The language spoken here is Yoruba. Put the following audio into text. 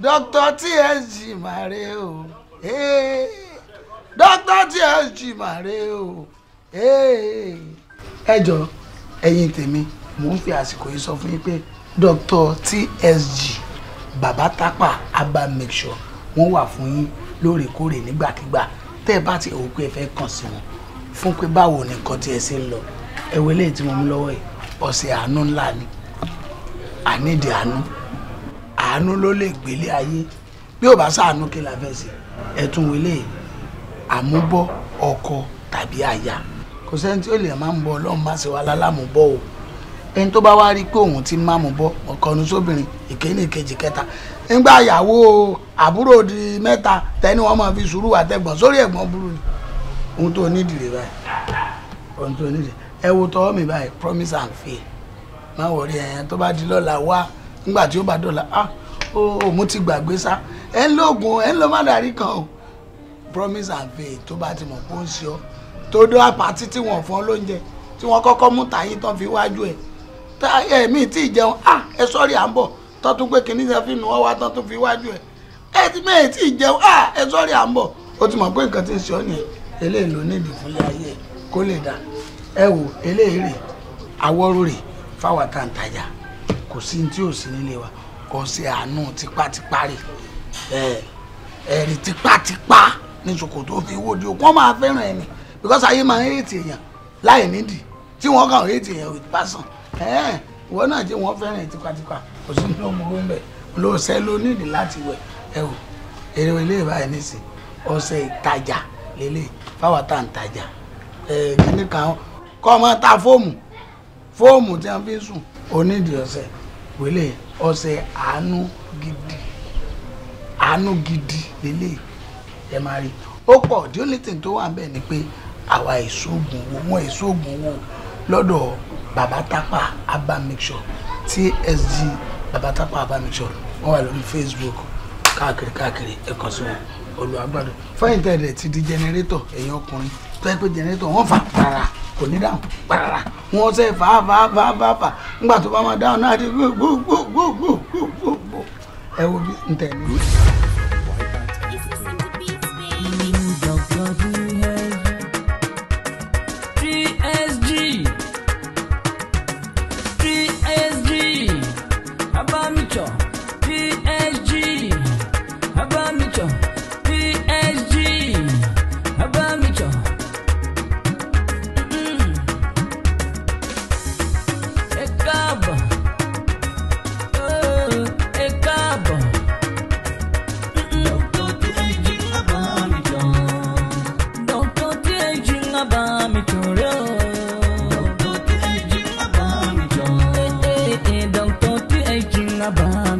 dókítà tsg màre o dókítà tsg màre o ẹ jọ ẹ̀yin tèmi mò ń fi àsìkò yìí sọ fún yín pé dókítà tsg bàbá tápà abba make sure wọ́n wà fún yín lóòrèkóòrè nígbàkigbà tẹ́ ẹ bá ti òun pé ẹ fẹ́ kàn sí wọn fún pé báwo ni nǹkan tí ẹ ṣe ń lọ ẹ̀wẹ̀ lẹ́yìn tí mo mú lọ́wọ́ yìí ọ̀sẹ̀ àánú ńlá ni àníìdí àánú àánú ló lè gbélé ayé bí ò bá ṣàánú kí la fẹ́ ṣe ẹ̀tún wílé àmúbọ́ ọkọ tàbí aya kò sẹ́ni tí ó lè máa ń bọ ọlọ́run má ṣe wá lálàmúbọ́ o ẹni tó bá wá rí pé òun ti máa mú bọ́ ọ̀kọ́nu sóbìnrin ìkíní ìkejì kẹta nígbà ìyàwó àbúrò di mẹ́ta tẹ́ni wọ́n máa fi sùúrù wà tẹ́gbọ̀n sórí ẹ̀gbọ́n burú ni ohun tó nídìí báyìí ohun tó nídìí ẹ wo tọwọ́ mi báyìí promise and fail má wọrí ẹ̀yẹn tó bá di lọ́la wá nígbà tí ó bá dọ̀la ah ó mo ti gbàgbé sá ẹ ń lo oògùn ẹ kan promise and faith tó bá ti mọ̀ kó ń ṣe ọ́ tó dọ́ àpàtì tí wọ́n fọ́n lóúnjẹ tí wọ́n kọ́kọ́ mú tàyí tán fi wájú ẹ̀ tá ẹ̀mí tí ì jẹun ah e sọ́ọ̀rì à ń bọ̀ tán tún pé kìnìún ṣe fíìmù wọn wá tán tún fi wájú ẹ̀ ẹ ti mẹ́ẹ̀ tí ì ah e sọ́ọ̀rì à ń bọ̀ ó ti mọ̀ pé nǹkan tí ń ṣe ọ́ nìyẹn eléyìí ló ní ìdìfúnlé ayé ẹ̀ kó lè ẹ wò eléyìí rè àwọ̀rò rè fáwọn tá à tajà kò sí ní tí ò sí nílé wa kò sí àánú tipátipá rè ẹ̀rì tipátipá ní ṣòkòtò fi wó di òkú wọn máa fẹ́ràn ẹni because ayé máa ń hate èèyàn láì nídìí tí wọ́n kàn hate èèyàn with passion ìwọ náà jẹ́ wọ́n fẹ́ràn ẹ̀ tipátipá kò sí ní ọmọ owó ń bẹ̀ ló ṣẹ́ ló nídìí láti wẹ̀ ẹ wò èrè ilé ìbáyìí nìsín ọṣẹ ìtajà lélẹ̀ fáwọn tá à ń tajà kíní kan kọ́ ọmọ ta fóòmù fóòmù tí wọ́n fi ń sùn onídìí ọṣẹ wẹ́lẹ̀ ọṣẹ àánú gidi àánú gidi lélẹ̀ ẹ máa rí ó pọ̀ the only thing tó wà ń bẹ̀ ni pé àwa ìṣoògùn wo wọn ìṣoògùn wo lọ́dọ̀ Babatapa, tápà make sure tsg Babatapa, tápà abba make sure wọ́n wà lórí facebook káàkiri káàkiri ẹ̀kan sí wọn olùwàgbàdo fẹ́yìn tẹ̀lé ti di jẹnẹrétọ̀ ẹ̀yin ọkùnrin tó yẹ pé jẹnẹrétọ̀ wọ́n fà pàrà kò ní dáhùn pàrà wọn ṣe fà á fà á fà fà fà nígbà tó bá máa dáhùn náà ti gbogbogbogbogbò ẹ wo bí n tẹ̀lé. ba